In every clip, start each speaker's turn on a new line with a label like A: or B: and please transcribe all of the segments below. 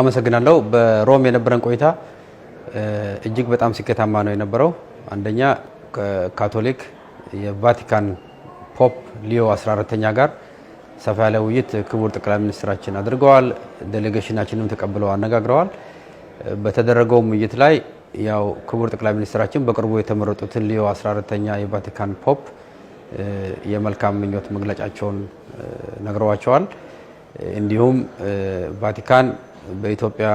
A: አመሰግናለሁ። በሮም የነበረን ቆይታ እጅግ በጣም ስኬታማ ነው የነበረው። አንደኛ ካቶሊክ የቫቲካን ፖፕ ሊዮ 14ተኛ ጋር ሰፋ ያለ ውይይት ክቡር ጠቅላይ ሚኒስትራችን አድርገዋል። ዴሌጌሽናችንም ተቀብለው አነጋግረዋል። በተደረገውም ውይይት ላይ ያው ክቡር ጠቅላይ ሚኒስትራችን በቅርቡ የተመረጡትን ሊዮ 14ተኛ የቫቲካን ፖፕ የመልካም ምኞት መግለጫቸውን ነግረዋቸዋል። እንዲሁም ቫቲካን በኢትዮጵያ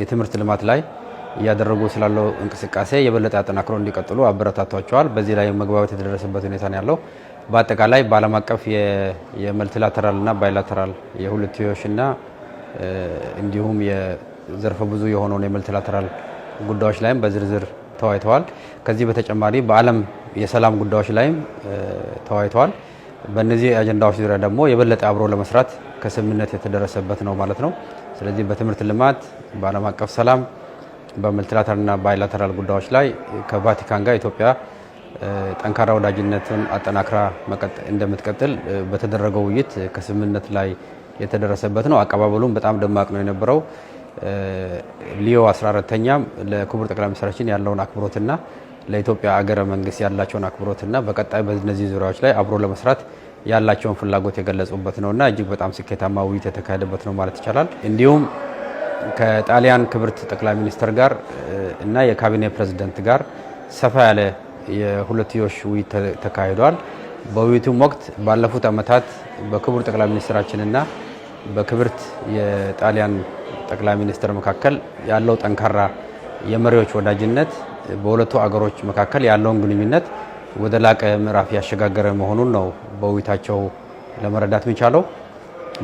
A: የትምህርት ልማት ላይ እያደረጉ ስላለው እንቅስቃሴ የበለጠ አጠናክሮ እንዲቀጥሉ አበረታቷቸዋል። በዚህ ላይ መግባባት የተደረሰበት ሁኔታ ነው ያለው። በአጠቃላይ በዓለም አቀፍ የመልቲላተራልና ባይላተራል የሁለትዮሽና እንዲሁም የዘርፈ ብዙ የሆነውን የመልቲላተራል ጉዳዮች ላይም በዝርዝር ተወያይተዋል። ከዚህ በተጨማሪ በዓለም የሰላም ጉዳዮች ላይም ተወያይተዋል። በእነዚህ አጀንዳዎች ዙሪያ ደግሞ የበለጠ አብሮ ለመስራት ከስምምነት የተደረሰበት ነው ማለት ነው። ስለዚህ በትምህርት ልማት፣ በዓለም አቀፍ ሰላም፣ በመልቲላተራልና ባይላተራል ጉዳዮች ላይ ከቫቲካን ጋር ኢትዮጵያ ጠንካራ ወዳጅነትን አጠናክራ እንደምትቀጥል በተደረገው ውይይት ከስምምነት ላይ የተደረሰበት ነው። አቀባበሉም በጣም ደማቅ ነው የነበረው። ሊዮ 14ተኛም ለክቡር ጠቅላይ ሚኒስትራችን ያለውን አክብሮትና ለኢትዮጵያ ሀገረ መንግስት ያላቸውን አክብሮትና በቀጣይ በነዚህ ዙሪያዎች ላይ አብሮ ለመስራት ያላቸውን ፍላጎት የገለጹበት ነውና እጅግ በጣም ስኬታማ ውይይት የተካሄደበት ነው ማለት ይቻላል። እንዲሁም ከጣሊያን ክብርት ጠቅላይ ሚኒስትር ጋር እና የካቢኔ ፕሬዚደንት ጋር ሰፋ ያለ የሁለትዮሽ ውይይት ተካሂዷል። በውይይቱም ወቅት ባለፉት ዓመታት በክቡር ጠቅላይ ሚኒስትራችንና በክብርት የጣሊያን ጠቅላይ ሚኒስትር መካከል ያለው ጠንካራ የመሪዎች ወዳጅነት በሁለቱ አገሮች መካከል ያለውን ግንኙነት ወደ ላቀ ምዕራፍ ያሸጋገረ መሆኑን ነው በውይይታቸው ለመረዳት የሚቻለው።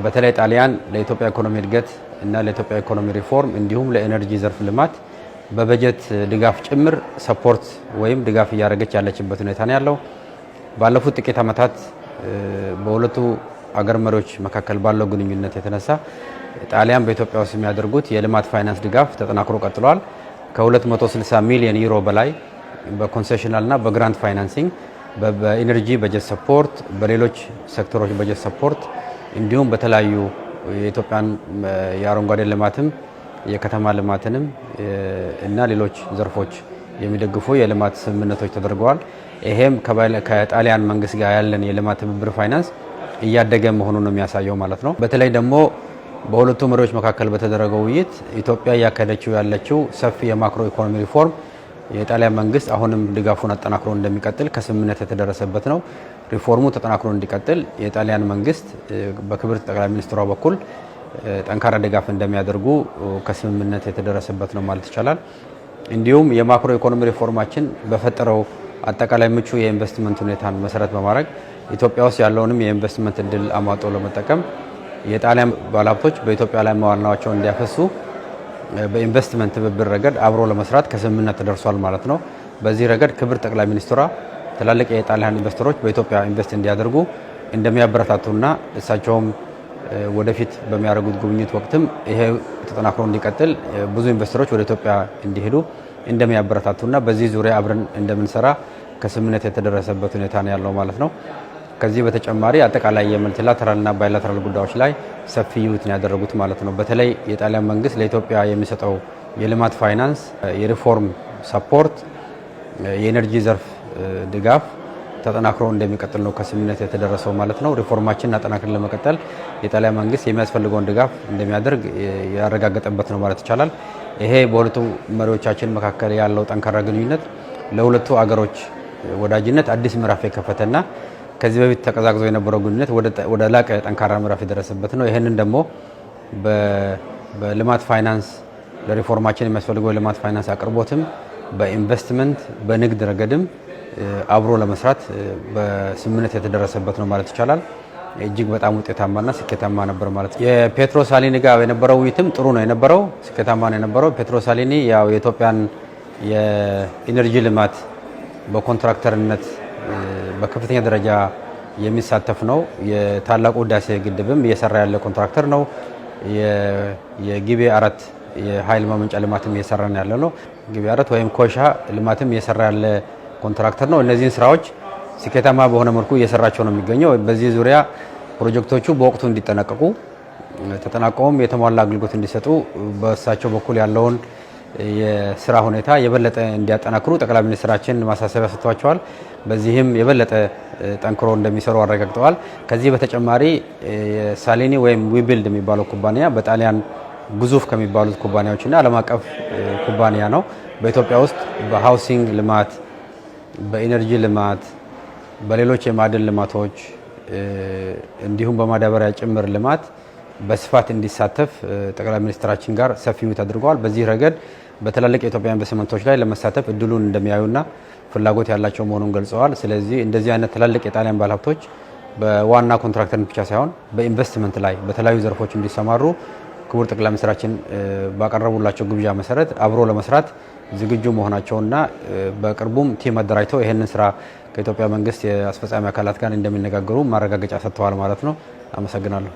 A: በተለይ ጣሊያን ለኢትዮጵያ ኢኮኖሚ እድገት እና ለኢትዮጵያ ኢኮኖሚ ሪፎርም እንዲሁም ለኤነርጂ ዘርፍ ልማት በበጀት ድጋፍ ጭምር ሰፖርት ወይም ድጋፍ እያደረገች ያለችበት ሁኔታ ነው ያለው። ባለፉት ጥቂት ዓመታት በሁለቱ አገር መሪዎች መካከል ባለው ግንኙነት የተነሳ ጣሊያን በኢትዮጵያ ውስጥ የሚያደርጉት የልማት ፋይናንስ ድጋፍ ተጠናክሮ ቀጥሏል። ከ260 ሚሊዮን ዩሮ በላይ በኮንሴሽናልና በግራንት ፋይናንሲንግ በኢነርጂ በጀት ሰፖርት፣ በሌሎች ሴክተሮች በጀት ሰፖርት እንዲሁም በተለያዩ የኢትዮጵያን የአረንጓዴ ልማትም የከተማ ልማትንም እና ሌሎች ዘርፎች የሚደግፉ የልማት ስምምነቶች ተደርገዋል። ይሄም ከጣሊያን መንግስት ጋር ያለን የልማት ትብብር ፋይናንስ እያደገ መሆኑን ነው የሚያሳየው ማለት ነው። በተለይ ደግሞ በሁለቱ መሪዎች መካከል በተደረገው ውይይት ኢትዮጵያ እያካሄደችው ያለችው ሰፊ የማክሮ ኢኮኖሚ ሪፎርም የጣሊያን መንግስት አሁንም ድጋፉን አጠናክሮ እንደሚቀጥል ከስምምነት የተደረሰበት ነው። ሪፎርሙ ተጠናክሮ እንዲቀጥል የጣሊያን መንግስት በክብር ጠቅላይ ሚኒስትሯ በኩል ጠንካራ ድጋፍ እንደሚያደርጉ ከስምምነት የተደረሰበት ነው ማለት ይቻላል። እንዲሁም የማክሮ ኢኮኖሚ ሪፎርማችን በፈጠረው አጠቃላይ ምቹ የኢንቨስትመንት ሁኔታን መሰረት በማድረግ ኢትዮጵያ ውስጥ ያለውንም የኢንቨስትመንት እድል አሟጦ ለመጠቀም የጣሊያን ባለሀብቶች በኢትዮጵያ ላይ መዋዕለ ንዋያቸውን እንዲያፈሱ በኢንቨስትመንት ትብብር ረገድ አብሮ ለመስራት ከስምምነት ተደርሷል ማለት ነው። በዚህ ረገድ ክብር ጠቅላይ ሚኒስትሯ ትላልቅ የጣሊያን ኢንቨስተሮች በኢትዮጵያ ኢንቨስት እንዲያደርጉ እንደሚያበረታቱና እሳቸውም ወደፊት በሚያደርጉት ጉብኝት ወቅትም ይሄ ተጠናክሮ እንዲቀጥል ብዙ ኢንቨስተሮች ወደ ኢትዮጵያ እንዲሄዱ እንደሚያበረታቱና በዚህ ዙሪያ አብረን እንደምንሰራ ከስምምነት የተደረሰበት ሁኔታ ነው ያለው ማለት ነው። ከዚህ በተጨማሪ አጠቃላይ የመልቲላተራልና ባይላተራል ጉዳዮች ላይ ሰፊ ያደረጉት ማለት ነው። በተለይ የጣሊያን መንግስት ለኢትዮጵያ የሚሰጠው የልማት ፋይናንስ፣ የሪፎርም ሰፖርት፣ የኤነርጂ ዘርፍ ድጋፍ ተጠናክሮ እንደሚቀጥል ነው ከስምምነት የተደረሰው ማለት ነው። ሪፎርማችንን አጠናክረን ለመቀጠል የጣሊያን መንግስት የሚያስፈልገውን ድጋፍ እንደሚያደርግ ያረጋገጠበት ነው ማለት ይቻላል። ይሄ በሁለቱ መሪዎቻችን መካከል ያለው ጠንካራ ግንኙነት ለሁለቱ አገሮች ወዳጅነት አዲስ ምዕራፍ የከፈተና ከዚህ በፊት ተቀዛቅዞ የነበረው ግንኙነት ወደ ላቀ ጠንካራ ምዕራፍ የደረሰበት ነው። ይህንን ደግሞ በልማት ፋይናንስ ለሪፎርማችን የሚያስፈልገው የልማት ፋይናንስ አቅርቦትም በኢንቨስትመንት በንግድ ረገድም አብሮ ለመስራት በስምምነት የተደረሰበት ነው ማለት ይቻላል። እጅግ በጣም ውጤታማና ስኬታማ ነበር ማለት ነው። የፔትሮ ሳሊኒ ጋር የነበረው ውይይትም ጥሩ ነው የነበረው፣ ስኬታማ ነው የነበረው። ፔትሮ ሳሊኒ ያው የኢትዮጵያን የኢነርጂ ልማት በኮንትራክተርነት በከፍተኛ ደረጃ የሚሳተፍ ነው። የታላቁ ህዳሴ ግድብም እየሰራ ያለ ኮንትራክተር ነው። የጊቤ አራት የኃይል ማመንጫ ልማትም እየሰራን ያለ ነው። ጊቤ አራት ወይም ኮሻ ልማትም እየሰራ ያለ ኮንትራክተር ነው። እነዚህን ስራዎች ስኬታማ በሆነ መልኩ እየሰራቸው ነው የሚገኘው። በዚህ ዙሪያ ፕሮጀክቶቹ በወቅቱ እንዲጠናቀቁ ተጠናቀውም የተሟላ አገልግሎት እንዲሰጡ በእሳቸው በኩል ያለውን የስራ ሁኔታ የበለጠ እንዲያጠናክሩ ጠቅላይ ሚኒስትራችን ማሳሰቢያ ሰጥቷቸዋል። በዚህም የበለጠ ጠንክሮ እንደሚሰሩ አረጋግጠዋል። ከዚህ በተጨማሪ ሳሊኒ ወይም ዊቢልድ የሚባለው ኩባንያ በጣሊያን ግዙፍ ከሚባሉት ኩባንያዎችና ዓለም አቀፍ ኩባንያ ነው። በኢትዮጵያ ውስጥ በሃውሲንግ ልማት፣ በኢነርጂ ልማት፣ በሌሎች የማዕድን ልማቶች እንዲሁም በማዳበሪያ ጭምር ልማት በስፋት እንዲሳተፍ ጠቅላይ ሚኒስትራችን ጋር ሰፊ ውይይት አድርገዋል። በዚህ ረገድ በትላልቅ የኢትዮጵያ ኢንቨስትመንቶች ላይ ለመሳተፍ እድሉን እንደሚያዩና ፍላጎት ያላቸው መሆኑን ገልጸዋል። ስለዚህ እንደዚህ አይነት ትላልቅ የጣሊያን ባለሀብቶች በዋና ኮንትራክተርን ብቻ ሳይሆን በኢንቨስትመንት ላይ በተለያዩ ዘርፎች እንዲሰማሩ ክቡር ጠቅላይ ሚኒስትራችን ባቀረቡላቸው ግብዣ መሰረት አብሮ ለመስራት ዝግጁ መሆናቸውና በቅርቡም ቲም አደራጅተው ይህንን ስራ ከኢትዮጵያ መንግስት የአስፈጻሚ አካላት ጋር እንደሚነጋገሩ ማረጋገጫ ሰጥተዋል ማለት ነው። አመሰግናለሁ።